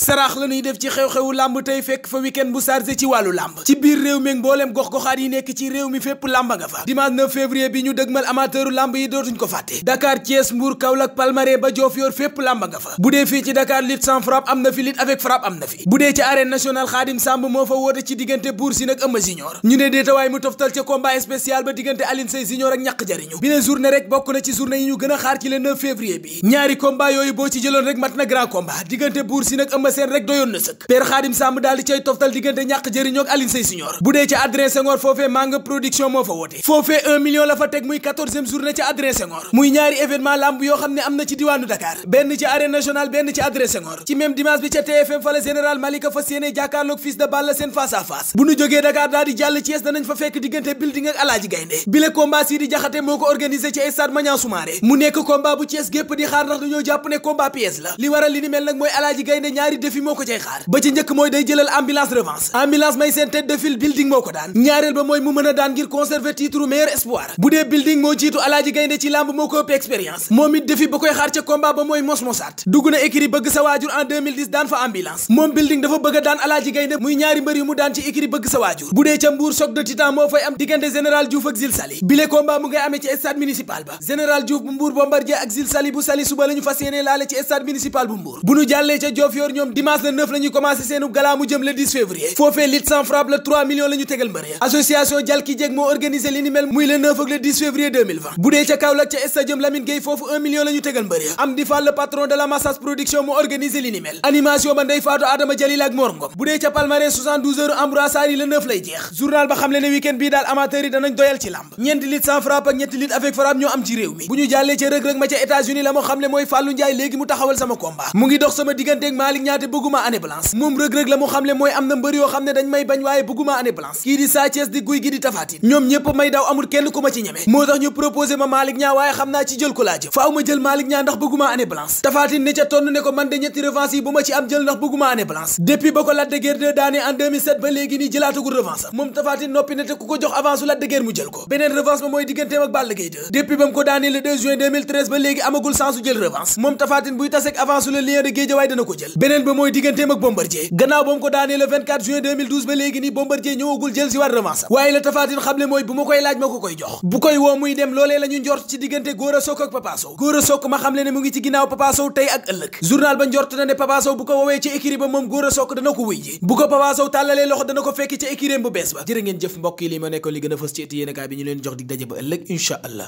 saraax la ñuy def ci xew-xewu làmb tey fekk fa week-end bu chargé ci wàllu làmb ci biir réew mi ak mbooleem gox-goxaat yi nekk ci réew mi fépp làmb nga fa dimanche 9 février bi ñu dëgmal amateuru làmb yi dootuñ ko fàtte Dakar Thiès Mbour Kaolack Palmarin ba Diofior fépp làmb nga fa bu dee fii ci Dakar lutte sans frappe am na fi lutte avec frappe am na fi bu dee ci arène nationale Khadim Samb moo fa woote ci diggante Bour Sine ak Eumeu Junior ñu ne deetawaay mu toftal a xaar ci le 9 février bi ñaari combat yooyu boo Eumeu benn ci arène nationale benn ci Adrien ci même dimanche bi ca TFM fa la Malika fas yéene jàkkaarloog fils de Balla seen face à face bu ñu jógee Dakar daal di jàll Thiès danañ fa fekk diggante building ak Alaaji Gaynde bile combat si jaxate moo ko organisé ci stade Maniang mu nekk combat bu Thiès gépp di xaar ndax dañoo jàpp ne combat pièce la li waral li ni mel nag mooy Alaaji Gaynde ñaari ñaari moo ko cay xaar ba ci njëkk mooy day jëlal ambulance revanche ambulance may seen tête de file moo ko daan ñaareel ba mooy mu mën a daan ngir conserver titre meilleur espoir bu dee building moo jiitu alaaji gaynde ci làmb moo ko ëpp expérience moom it défi ba koy xaar ca combat ba mooy mos mosaat dugg na écurie bëgg sa waajur en daan fa ambulance moom building dafa bëgg daan alaaji gaynde muy ñaari mbër yu mu daan ci écurie bëgg sa waajur bu dee ñoom dimanche le 9 la seenu galaa jëm le 10 février foofee lutte sans frappe le 3 millions tegal mbër association jalki jéeg moo organisé li muy le 9 ak le février bu dee ca Kaolack ca stadium Lamine Gueye foofu 1 million la tegal mbër am di Fall patron de la massage production moo organisé li animation ba Ndeye Fatou Adama Jalil ak Mor bu dee ca Palmarin 72 heures Ambroise Sarr yi lay jeex journal ba xam ne week ñaate bëgguma année blanche moom rëg-rëg la mu xam mooy am na mbër yoo xam ne dañ may bañ waaye bëgguma année blanche kii di Sa Thiès di guy gi di tafaatin ñoom ñépp may daw amul kenn ku ma ci ñeme moo tax ñu proposé ma Malick Niang waaye xam naa ci jël ko laa jëf faaw ma jël Malick Niang ndax bëgguma année blanche tafaatin ne ca tonn ne ko man de ñetti revanche yi bu ma ci am jël ndax bëgguma année blanche depuis ba ko Lac de Guiers daane en ba léegi nii jëlaatagul beneen ba mooy digganteem ak Bombardier gannaaw ba mu ko daanee ba léegi ba njort na ne Papa bu ko woowee ci écurie ba moom Gora Sock dana ko wuy ji bu ko Papa tàllalee loxo dana ko fekki ca écurie bu bees ba jërë ngeen jëf mbokk yi nekkoon li gën a fës ci ëtt yéen a kaay bi ñu leen jox dig daje ba ëllëg incha allah